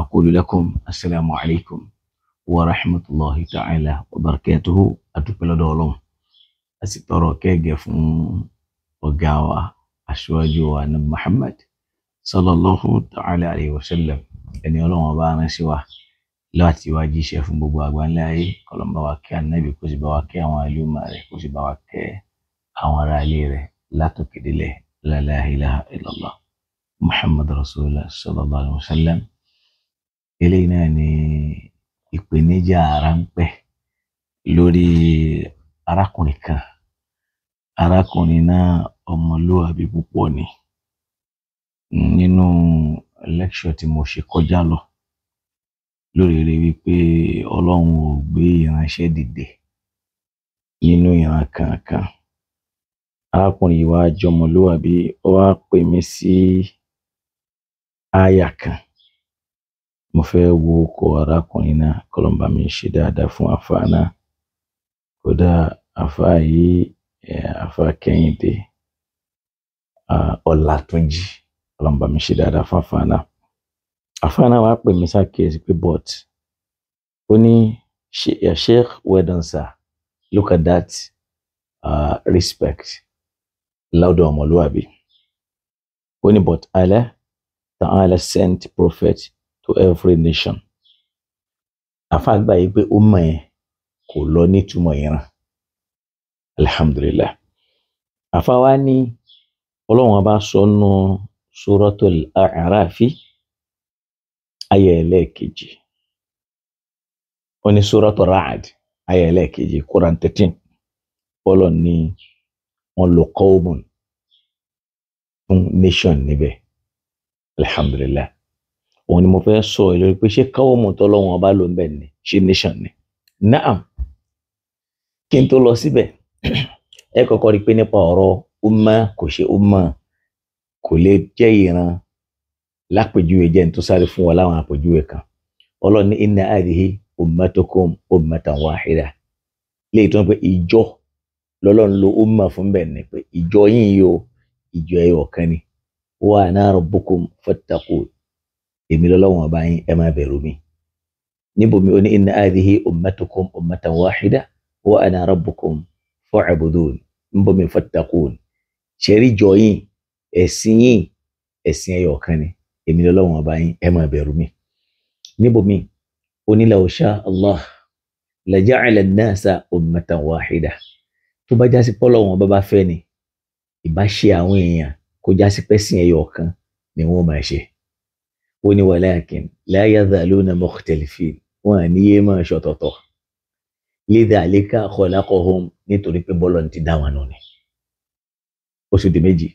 أقول لكم السلام عليكم ورحمة الله تعالى وبركاته أتوبلا دولهم أسيطروا كيجفون وقاوة أشواجوا أن محمد صلى الله تعالى عليه وسلم ẹni ọlọ́run ọba rán sí wa láti wá jíṣẹ́ fún gbogbo àgbáńlá ayé kọlọ́n bá wa kẹ́ ànábì kó sì bá wa kẹ́ àwọn àlùmọ̀ rẹ̀ kó sì bá wa kẹ́ àwọn ará ilé rẹ̀ látòkèdélẹ̀ la ilaha illallah muhammad rasulullah sallallahu alaihi wa sallam eléyìí náà ni ìpèníjà ráńpẹ́ lórí arákùnrin kan arákùnrin náà ọmọlúwàbí púpọ̀ ni nínú lecture tí mo ṣe kọjá lọ lórí rẹ̀ wípé Ọlọ́run ò gbé ìránṣẹ́ dìde nínú ìran kankan arákùnrin yìí wàá jọmọlúwàbí ó wàá pè mí sí àyà kan mo fẹ́ wo ọkọ arákùnrin náà kọlọ́mbà mi ṣe dáadáa fún àfa náà kódà àfa yìí àfa kẹ́hìndé ọ̀làtúnjì kọlọ́mbà mi ṣe dáadáa fún àfa náà àfa náà wàá pè mí sákèésí pé but ó ní sheikh weldon look at that uh, respect lọ́dọ̀ ọmọlúwàbí ó ní but Allah ta'ala sent prophet to every nation àfa àgbà yìí pé ó mọ̀ ẹ́ kò lọ nítumọ̀ ìran alhamdulillah àfa wa ba ọlọ́run bá suratul A'rafi ayé ẹlẹ́ẹ̀kejì ó ní suratul Ra'd ayé ẹlẹ́ẹ̀kejì Quran thirteen ọlọ́run ni wọ́n lo qawmun fún nation níbẹ̀ alhamdulillah òun ni mo fẹ́ sọ ẹ lórí pé ṣé káwọ́mù tọ́lọ́wọ́n ọba ló ń bẹ̀ ni ṣé nation ni naam kí n tó lọ síbẹ̀ ẹ kọ́kọ́ rí i pé nípa ọ̀rọ̀ umma kò ṣe umma kò lè jẹ́ ìran lápèjúwe jẹ́ ní tó sáré fún wa láwọn àpèjúwe kan ọlọ́ni inna adihi ummatukum ummatan wahida lè tó ń pẹ́ ìjọ lọ́lọ́run lo umma fún bẹ́ẹ̀ ni pé ìjọ yìí o ìjọ ẹ̀yọ̀ kan ni wa ana rabbukum fattaqun èmi lọ́lọ́wọ́n ọba yín ẹ máa bẹ̀rù mi níbomi ó ní inna hadhihi ummatukum ummatan wahida wa ana rabbukum fa'budun níbomi fattaqun ṣẹ̀rí jọ yín ẹ̀sìn yín ẹ̀sìn ẹyọ kan ni èmi lọ́lọ́wọ́n ọba yín ẹ máa bẹ̀rù mi níbomi ó ní Allah la ja'ala an-nasa ummatan wahida tó bá jásí pọ́lọ́wọ́n ọba bá fẹ́ ni ìbá ṣe àwọn èèyàn kó jásí pẹ́sìn ẹyọ kan ni wọ́n máa ṣe ó ní walakin la yazaluna mukhtalifin wọn à ní yé máa ṣọ̀tọ̀tọ̀ lidhalika khalaqahum nítorí pé bọ́lọ̀ ti dá wọn nù ni oṣù di méjì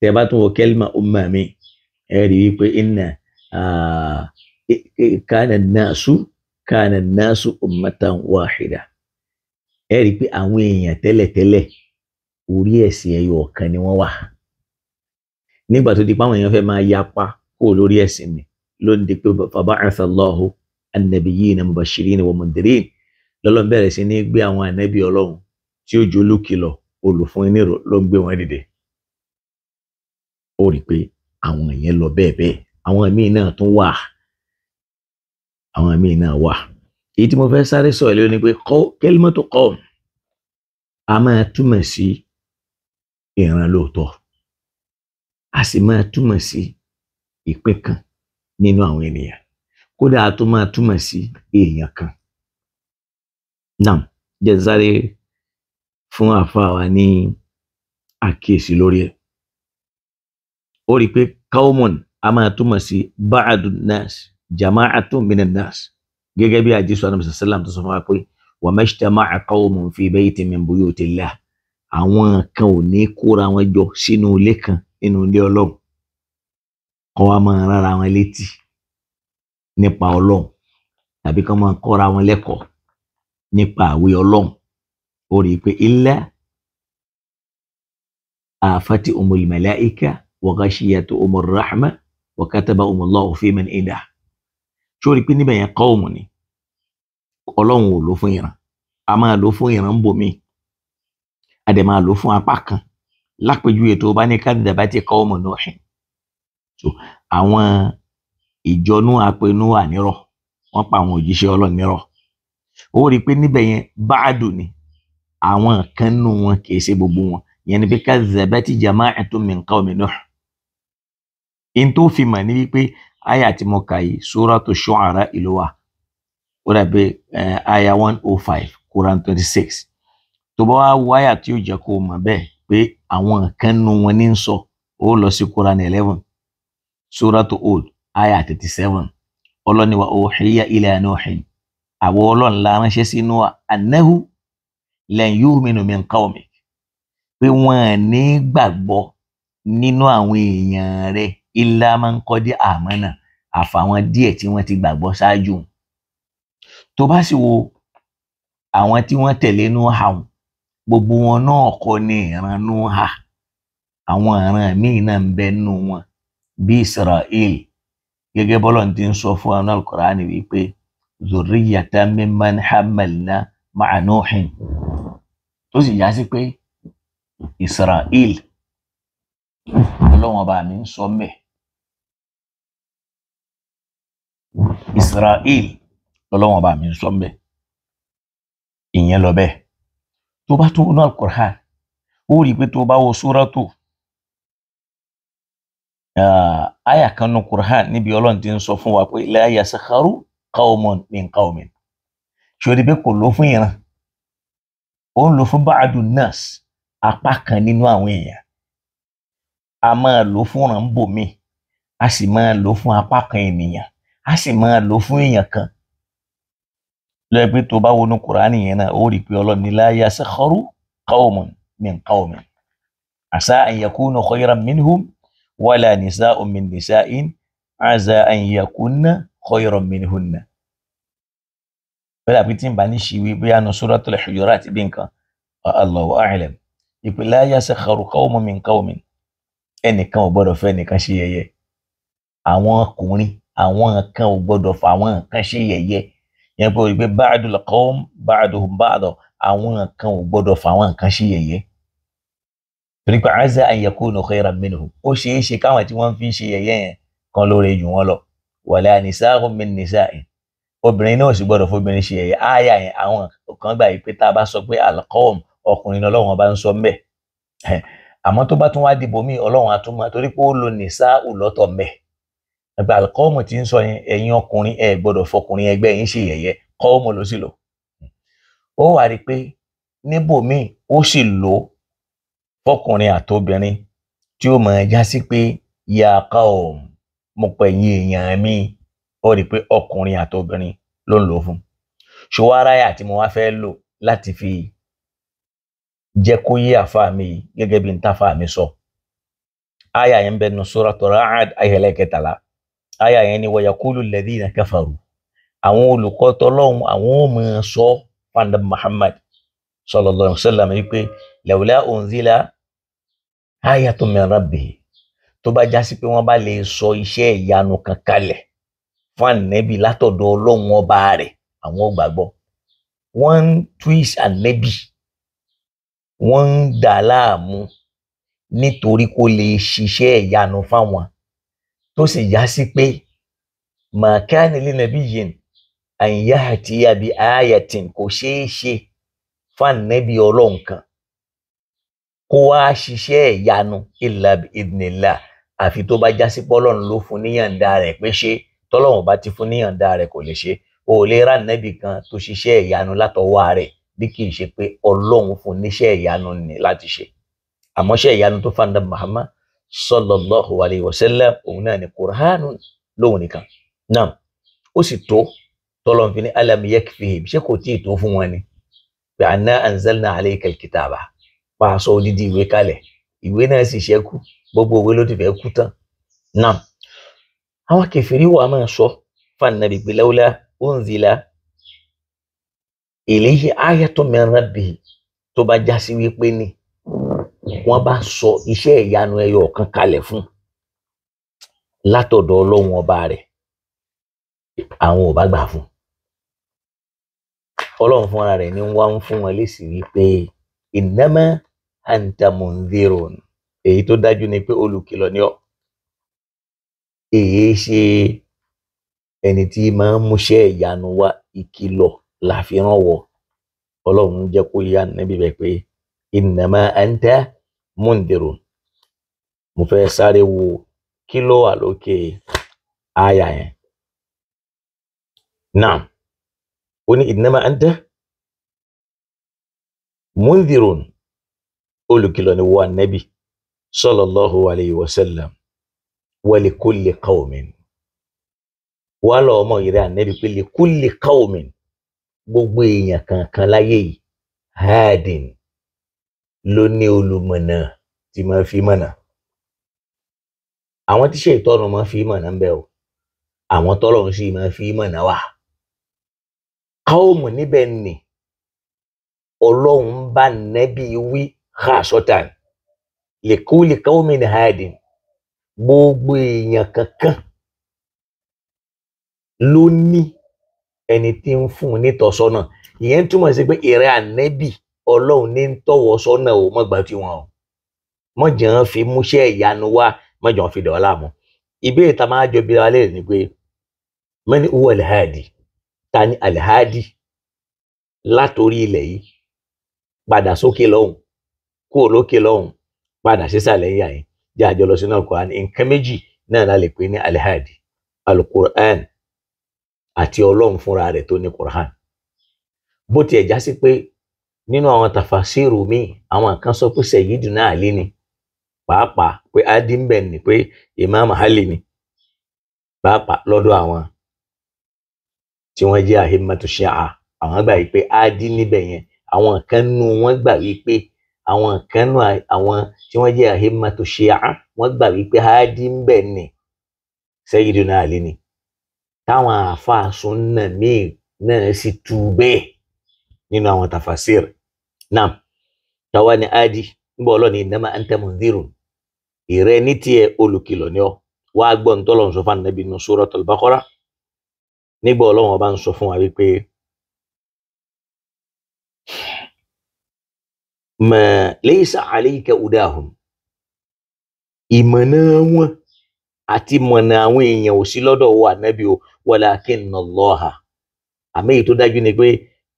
tẹ bá tún wọ kẹlima umma mi ẹ rí i pé inna kana nasu kana nasu ummatan wahida ẹ rí i pé àwọn èèyàn tẹ́lẹ̀tẹ́lẹ̀ orí ẹ̀sìn ẹyọ ọ̀kan ni wọ́n wà nígbà tó di pé àwọn èèyàn fẹ́ máa yapa kó lórí ẹ̀sìn ni ló ń di pé faba'atha Allahu an-nabiyyina mubashirina wa mundhirin lọ́lọ́ bẹ̀rẹ̀ sí ní gbé àwọn ànábì ọlọ́run tí ó jólú kìlọ̀ olùfún ní ló ń gbé wọn dìde ó rí i pé àwọn yẹn lọ bẹ́ẹ̀ bẹ́ẹ̀ àwọn míì náà tún wà àwọn míì náà wà èyí tí mo fẹ́ sáré sọ̀rọ̀ lé ní pé kalimatu qawm a máa túmọ̀ sí ìran lóòótọ́ a sì máa túmọ̀ sí ìpín kan nínú àwọn ènìyàn kódà a tó máa túmọ̀ sí èèyàn kan náà jẹ́ sáré fún àfáà wa ní àkíyèsí lórí ẹ̀ ó rí i pé kaumun a máa túmọ̀ sí ba'adun nas jama'atun minan nas gẹ́gẹ́ bí àjíṣọ́ anamisa sallam tó sọ fún wa pé wa majtama'a qawmun fi baytin min buyutillah àwọn kan ò ní kóra wọn jọ sínú ilé kan nínú ilé ọlọ́run kọ́ wa máa rán ara wọn létí nípa ọlọ́run tàbí kọ́ máa kọ́ra wọn lẹ́kọ̀ọ́ nípa àwé ọlọ́run ó rí i pé ilẹ̀ àfàtì umul malaika wa ghashiyatu umur rahma wa kataba umullahu fi man inda sórí pé níbẹ̀ yẹn kọ́ òun ni ọlọ́run ò lò fún ìran a máa lò fún ìran bòmí a dẹ̀ máa lò fún apá kan lápèjúwe tó bá ní kadhabati qawmu Nuhin so àwọn ìjọnú apẹnú ànírọ̀ wọ́n pa àwọn òjíṣẹ́ Ọlọ́run nírọ̀ ó rí i pé níbẹ̀ yẹn báàdù ni àwọn kan nù wọn kì í ṣe gbogbo wọn ìyẹn ni pé kazzabati jama'atun min qawmi Nuh in tó fi mọ̀ ní wípé àyà tí mo kà yìí suratu Shu'ara ìlú wa ó dàbí àyà one oh five Quran twenty six tó bá wá wáyà tí ó jẹ́ kó mọ̀ bẹ́ẹ̀ pé àwọn kan nù wọn ní sọ ó lọ sí Quran eleven suratu Hud aya 37. seven ọlọ́ni wa uhiya ila nuhin àwọn ọlọ́run la ránṣẹ́ sí Nóà annahu lan yu'minu min qawmik pé wọ́n ní gbàgbọ́ nínú àwọn èèyàn rẹ̀ illa man qad amana àfàwọn díẹ̀ tí wọ́n ti gbàgbọ́ ṣáájú tó bá sì wo àwọn tí wọ́n tẹ̀lé Nóà wọn gbogbo wọn náà kọ́ ní ìran Nóà àwọn ìran míì náà ń bẹ nínú wọn bí israel gẹ́gẹ́ bọ́lọ̀ ti ń sọ fún àwọn alukur'ani wípé zurriyata mimman hamalna ma'a nuhin tó sì já sí pé israel ọlọ́wọ́n bá mi ń sọ mẹ́ israel ọlọ́wọ́n bá mi ń sọ mẹ́ ìyẹn lọ bẹ́ẹ̀ tó bá tún náà alukur'an ó rí i pé tó bá wo suratu àyà ah, kan nu Qur'an níbi Ọlọ́run ti ń sọ fún wa pé la yaskharu qawmun min qawmin ṣòrí pé kò ló fún ìran ó ń lò fún ba'du nas apá kan nínú àwọn èèyàn a máa lò fún ràǹbòmí a sì máa lò fún apá kan ènìyàn a sì máa lò fún èèyàn kan lọ́ọ́ pé tó bá wọnú Kùránì yẹn náà ó rí pé Ọlọ́run ní la yaskharu qawmun min qawmin asa an yakunu khayran minhum ولا نساء من نساء aza أن يكون khayran منهن. bẹ́ẹ̀ àbí tí n bá ní ṣìwí bóyá nu suratul hujurat bí nǹkan Allahu a'lam ìpìlẹ̀ la yasakharu qawmun min qawmin ẹnìkan ò gbọ́dọ̀ fẹ́ ẹnìkan ṣe yẹ̀yẹ́ àwọn ọkùnrin àwọn kan ò gbọ́dọ̀ fà àwọn kan ṣe yẹ̀yẹ́ yẹn bó rí pé ba'dul qawm ba'duhum àwọn kan ò gbọ́dọ̀ fà àwọn kan ṣe yẹ̀yẹ́ torí pé azza an yakunu khayran minhu ó ṣeé ṣe káwọn tí wọ́n fi ń ṣe yẹ̀yẹ́ yẹn kan lóore jù wọ́n lọ wala nisa'un min nisa'in obìnrin náà sì gbọ́dọ̀ fóbìnrin ṣe yẹ̀yẹ́ ááyà yẹn àwọn kan gbà yìí pé tá a bá sọ pé alqawm ọkùnrin Ọlọ́run bá ń sọ mbẹ àmọ́ tó bá tún wá dìbò míì Ọlọ́run àtúmọ̀ torí pé ó lo nisa'u lọ́tọ̀ mbẹ ẹgbẹ́ ti ń sọ fọkùnrin àtobìnrin tí ó mọ já sí pé yàáká ò mọ pẹ̀yìn èèyàn mi ó rí i pé ọkùnrin àtobìnrin ló ń lò fún ṣòwò aráyà tí mo wá fẹ́ lò láti fi jẹ́ kó yé àfa mi gẹ́gẹ́ bí n táfa mi sọ aya yẹn bẹ nu suratu Ra'd ayẹlẹ kẹtàlá aya yẹn ni wa yaqulu alladhina kafaru àwọn olùkọ́ tọ́lọ́hún àwọn ò mọ̀ sọ fanda Muhammad sallallahu alaihi wasallam wípé lawla unzila ayatun min rabbihi tó bá jásí pé wọ́n bá lè sọ iṣẹ́ ìyanu kan kalẹ̀ fún ànẹ́bí látọ̀dọ̀ ọlọ́run ọba rẹ̀ àwọn gbàgbọ́ wọ́n ń twist ànẹ́bí wọ́n ń dà láàmú nítorí kó lè ṣiṣẹ́ ìyanu fáwọn tó sì jásí pé màkàní lẹ́nàbí yìí àyìnyá àti àbí ayatin kò ṣeé ṣe fún ànẹ́bí ọlọ́run kan kó wá ṣiṣẹ́ ìyanu illa bi idhnillah àfi tó bá já sí pọ́lọ́run ló fún níyànda rẹ̀ pé ṣe tọ́lọ́run bá ti fún níyànda rẹ̀ kò lè ṣe o lè rà nẹ́bì kan tó ṣiṣẹ́ ìyanu látọwọ́ rẹ̀ bí kì í ṣe pé ọlọ́run fún níṣẹ́ ìyanu ni láti ṣe àmọ́ ṣẹ́ ìyanu tó fanda Muhammad sallallahu alayhi wa sallam òun náà ni kurhanu lóhun nìkan náà ó sì tó tọ́lọ́run fi ní alam yakfihim ṣé kò tí ì tó fún wọn ni bi anzalna alayka alkitaba máa sọ odidi ìwé kalẹ̀ ìwé náà sì ṣẹ́kù gbogbo ìwé ló ti fẹ́ kú tán náà àwọn kẹfìrí wa máa sọ fànàbí gbẹlẹwọlá ònzìlá èléyìí ayatò mẹ́rin bì tó bá já sí wípé ni wọ́n bá sọ iṣẹ́ ìyanu ẹyọ kan kalẹ̀ fún látọ̀dọ̀ Ọlọ́run ọba rẹ̀ àwọn ò bá gbà fún Ọlọ́run fúnra rẹ̀ ni wọ́n ń fún wọn lésì wípé ìnámẹ anta munzirun èyí tó dájú ni pé olùkìlọ̀ ni ọ́ èyí ṣe ẹni tí máa ń múṣẹ́ ìyanu wá ìkìlọ̀ la fi rán wọ Ọlọ́run jẹ́ kó yá níbi bẹ pé innama anta mundirun mo fẹ́ sáré wo kí wà lókè àyà yẹn náà ó ní innama anta mundirun olùkìlọ̀ ni wọ́n nẹ́bì sallallahu alayhi wa sallam wa li kulli qawmin wà lọ ọmọ ìrẹ́ ànẹ́bì pé li kulli qawmin gbogbo èèyàn kankan láyé yìí haadin ló ní olùmọ̀nà tí máa fi mọ̀nà àwọn tí ṣe ìtọ́nu máa fi mọ̀nà ń bẹ̀ o àwọn tọ́lọ́run sì máa fi mọ̀nà wà káwọ́mù níbẹ̀ nì ọlọ́run bá nẹ́bí wí hasọtan lèkúlè káwọmìn hadin gbogbo èèyàn kankan ló ní ẹni tí ń fún un nítọ́sọ́nà ìyẹn túmọ̀ sí pé ìrẹ́ ànẹ́bì ọlọ́run ní ń tọ́wọ́ sọ́nà o mọ̀gbà tí wọn o mọ̀jàn fi múṣẹ́ ìyanu wá mọ̀jàn fi dọ̀ọ́ láàmú ìbéèrè tá a máa jọ bí wa ni pé mẹ́ni owó alihadi ta ni alihadi látòrí ilẹ̀ yìí padà sókè lọ́hùn kúrò lókè lọ́hùn padà sísàlẹ̀ yà yín jẹ́ àjọ lọ sínú Al-Qur'an nǹkan méjì náà la lè pè ní alihadi Al-Qur'an àti Ọlọ́run fúnra rẹ̀ tó ní Qur'an bó tiẹ̀ já sí pé nínú àwọn tàfàṣírù míì àwọn kan sọ pé Sayyidina Ali ni pàápàá pé adimben ni pé Imam Ali ni pàápàá lọ́dọ̀ àwọn tí wọ́n jẹ́ ahimmatu Shia àwọn gbà yìí pé adi níbẹ̀ yẹn àwọn kan nu wọ́n gbà yìí pé àwọn kan nù àwọn tí wọ́n jẹ́ ahimmatu Shia wọ́n gbà wípé Hadi ń bẹ ni Sayyidina Ali ni táwọn àáfàá sunna míì náà sì tú bẹ́ẹ̀ nínú àwọn tafasir náà táwa ni Hadi ń bọ̀ ọlọ́ni innama anta mundhirun ìrẹ́ ní tiẹ̀ olùkìlọ̀ ni ọ́ wàá gbọ́ tọ́lọ̀ ń sọ fún anabi nígbà ọlọ́wọ́n bá ń sọ fún wa wípé. mà laysa alayka udahum ìmọ̀nà wọn àti mọ̀nà àwọn èèyàn ò sí lọ́dọ̀ wọ ànábì o walakinna Allaha àmì èyí tó dájú ni pé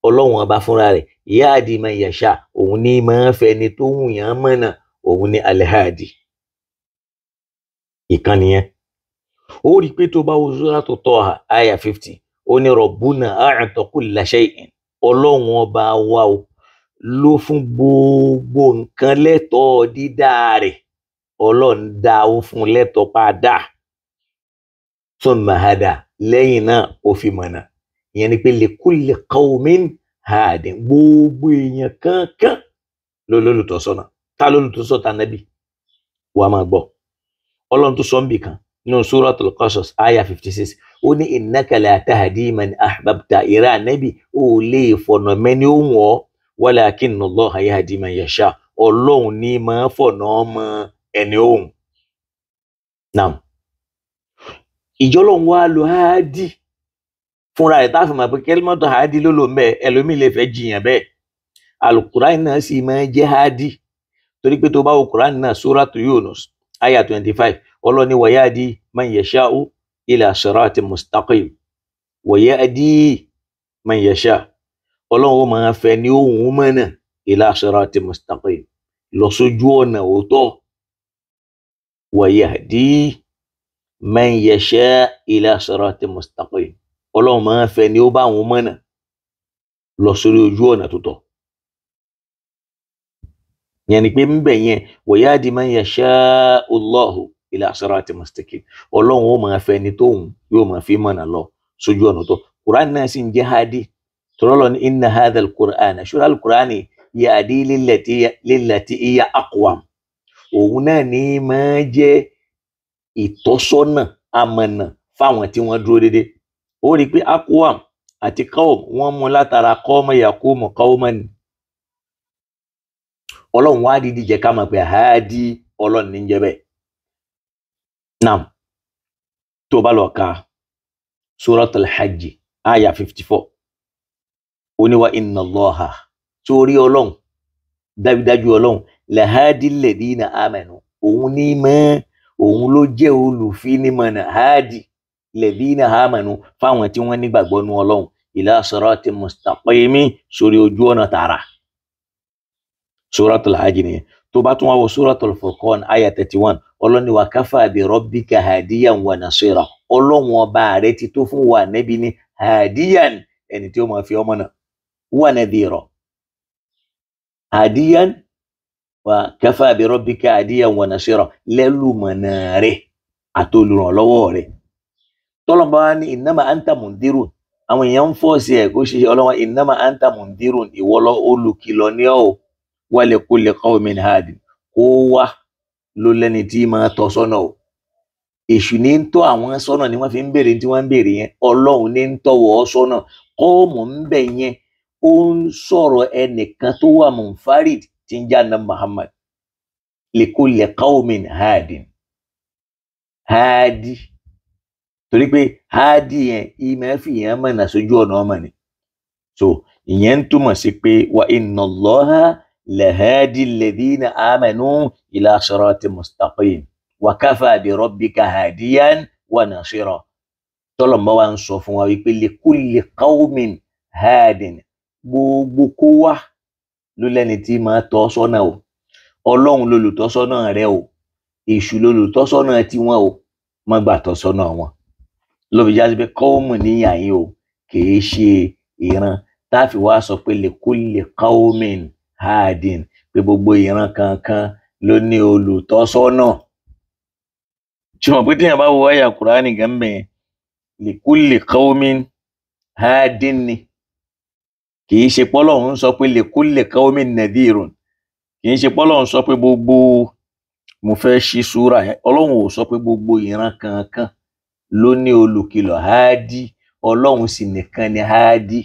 ọlọ́run ọba fúnra rẹ̀ yahdi man yasha òun ní máa ń fẹni tó wù yàn mọ̀nà òun ní alhadi ìkànnì yẹn ó rí i pé tó bá wo suratu Taha àyà fifty ó rabbuna a'ta kulla shay'in ọlọ́run ọba wa o ló fún gbogbo nǹkan lẹ́tọ̀ọ́ dídá rẹ̀ ọlọ́run dá ó fún lẹ́tọ̀ọ́ padà summa hada lẹ́yìn náà ó fi mọ̀nà ìyẹn ni pé likulli qawmin hadin gbogbo èèyàn kankan ló lólùtọ́sọ́nà ta lólùtọ́sọ́ta wàá máa gbọ́ ọlọ́run tó sọ ń bì kan nínú suratul Qasas aya fifty six ó ní innaka la tahdi man ahbabta ìrà nábì ó lè fọ̀nà mẹ́ni ó wọ̀ ọ́ walakinna Allaha yahdi man yasha ọlọ́run ní máa fọ̀nà ọmọ ẹni òun. Nam ìjọlọ́run wá lo háàdì fúnra rẹ̀ táà fi mọ̀ pé kẹ́límọ́tò háàdì ló lò mẹ́ ẹlòmíì lè fẹ́ jiyàn bẹ́ẹ̀ alukurani náà sì máa jẹ́ háàdì torí pé tó bá wo kurani náà suratu Yunus aya twenty five ọlọ́ni wa yahdi man yasha'u ila sirati mustaqim wa yahdi man yasha'u ọlọ́run ó máa fẹ́ ní òun mọ́nà ila sirati mustaqim lọ sójú ọ̀nà òótọ́ wa yahdi man yasha ila sirati mustaqim ọlọ́run máa fẹ́ ní ó bá òun mọ́nà lọ sórí ojú ọ̀nà tó tọ́ yẹn ni pé ńbẹ yẹn wa yahdi man yasha Allahu ila sirati mustaqim ọlọ́run ó máa fẹ́ ní tóun yóò máa fi mọ̀nà lọ sójú ọ̀nà tó Kùránì náà sì ń jẹ́ hádìí tọ́lọ́lọ́ ní inna hadha al-Qur'an ṣọ́ra al-Qur'an yahdi lillati hiya aqwam òun náà ní máa jẹ́ ìtọ́sọ́nà amọ̀nà fáwọn tí wọ́n dúró déédéé ó rí i pé aqwam àti qawm wọ́n mú látara qawma yaqumu qawman ni ọlọ́run wá dídí jẹ́ ká mọ̀ pé àhádí ọlọ́run ní jẹ́ bẹ́ẹ̀. nam tó o bá lọ ka suratul hajj aya fifty four oníwà innallaha sórí ọlọ́run dájúdájú ọlọ́run làhádìlẹ̀dínà amanu òun ní mọ́ òun ló jẹ́ olùfinimọ̀nà háàdì lẹ̀dínà amanu fáwọn tí wọ́n nígbàgbọ́ nu ọlọ́run ila sirati mustaqimi sórí ojú ọ̀nà tààrà suratul hajj nìyẹn tó bá tún wá wọ suratul furqan aya thirty one ọlọ́ni wa káfà bi rabbika hadiyan wa nasira ọlọ́run ọba rẹ ti tó fún wa nẹ́bi ní hadiyan ẹni tí ó máa fi ọmọ náà ونذيرا هاديا وكفى بربك هاديا ونصيرا للمنا rẹ̀ àtolùrànlọ́wọ́ rẹ̀ tọ́lọ́mọba wa ní innama anta mundirun àwọn èèyàn ń fọ́ọ̀sì ẹ̀ kó ṣe ọlọ́wọ́ innama anta mundirun ìwọ́lọ́ olùkìlọ̀ ní ọ̀ wa li kulli qawmin hadin kó wá ló lẹ́ni tí máa tọ́ sọ́nà o èṣù ní ń tọ́ àwọn ni wọ́n fi ń béèrè tí wọ́n ń béèrè yẹn ọlọ́run ní ń tọ́wọ́ sọ́nà kọ́ọ̀mù ń un sọ̀rọ̀ ene tó wà munfarid tí Muhammad likulli qawmin hadin hadi torí pé hadi yẹn ìmọ̀ fìyàn mọ̀nà sójú ọ̀nà ọmọ ni so ìyẹn ń wa inna Allaha lahadi lathina amanu ila sarati mustaqim wa kafa bi rabbika hadiyan wa nasira tọ́lọ̀mọ́ wa ń sọ fún wa wípé likulli qawmin hadin gbogbo kó wà ló lẹ́ni tí máa tọ́ sọ́nà o ọlọ́run lolùtọ́sọ́nà rẹ o èṣù lolùtọ́sọ́nà tiwọn o má gbà tọ́sọ́nà wọn lọ́bi jáde pé kọ́ọ̀mù níyà yín o kìí ṣe ìran tá a fi wá sọ pé lèkúlè kọ́ọ̀mìn haadin pé gbogbo ìran kankan ló ní olùtọ́sọ́nà ṣùgbọ́n pé téèyàn bá wo àyà kúránì gan mẹ́ lèkúlè kọ́ọ̀mìn haadin ni kì í ṣe pọ́lọ́hún sọ pé lèkúlè káwọ́mí nàdírùn kì í ṣe pọ́lọ́hún sọ pé gbogbo mo fẹ́ ṣí súra yẹn ọlọ́hun ò sọ pé gbogbo ìran kankan ló ní olùkìlọ̀ háàdí ọlọ́hun sì nìkan ni háàdí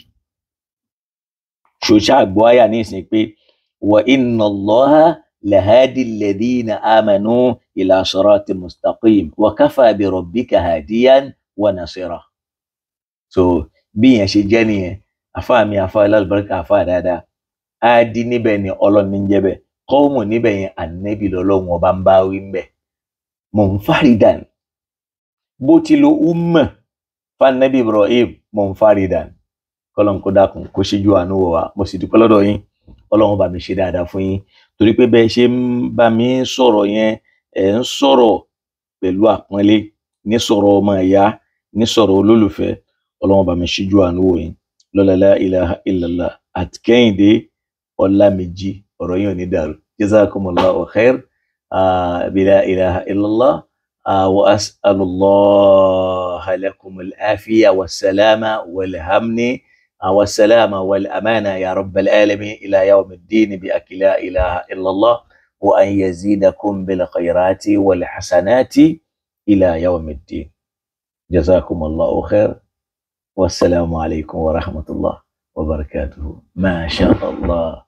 ṣòṣà àgbọ̀ àyà ní pé wà inna Allaha lahadi alladhina amanu ila sirati mustaqim wa kafa bi rabbika hadiyan wa nasira so bí yẹn ṣe jẹ́ nìyẹn àfa mi àfa alálùbáríkà àfa dáadáa áádí níbẹ̀ ni ọlọ́run ní jẹ́ bẹ́ẹ̀ kọ́ọ̀mù níbẹ̀ yẹn ànẹ́bì lọ́lọ́run ọba ń bá wí ń bẹ̀ munfaridan bó ti lo umma fanabi ibrahim munfaridan kọlọ́n kó dákun kó ṣíjú àánú wò wá mo sì dúpẹ́ lọ́dọ̀ yín ọlọ́run bá mi ṣe dáadáa fún yín torí pé bẹ́ẹ̀ ṣe ń bá mi sọ̀rọ̀ yẹn ẹ̀ ń sọ̀rọ̀ pẹ̀lú àpọ́nlé ní sọ̀rọ̀ ọmọ ìyá ní sọ̀rọ̀ olólùfẹ́ ọlọ́run bá mi ṣíjú àánú wò yín lọ́la la ilaha illallah àti kẹ́hìndé ọlámẹjì ọ̀rọ̀ yìí ò ní dàrú jazakumullahu khair bila ilaha illallah wa as'alullaha lakumul afiya wassalama walhamni والسلامة والأمانة يا رب العالمين إلى يوم الدين بأك لا إله إلا الله وأن يزيدكم بالخيرات والحسنات إلى يوم الدين جزاكم الله خير والسلام عليكم ورحمة الله وبركاته ما شاء الله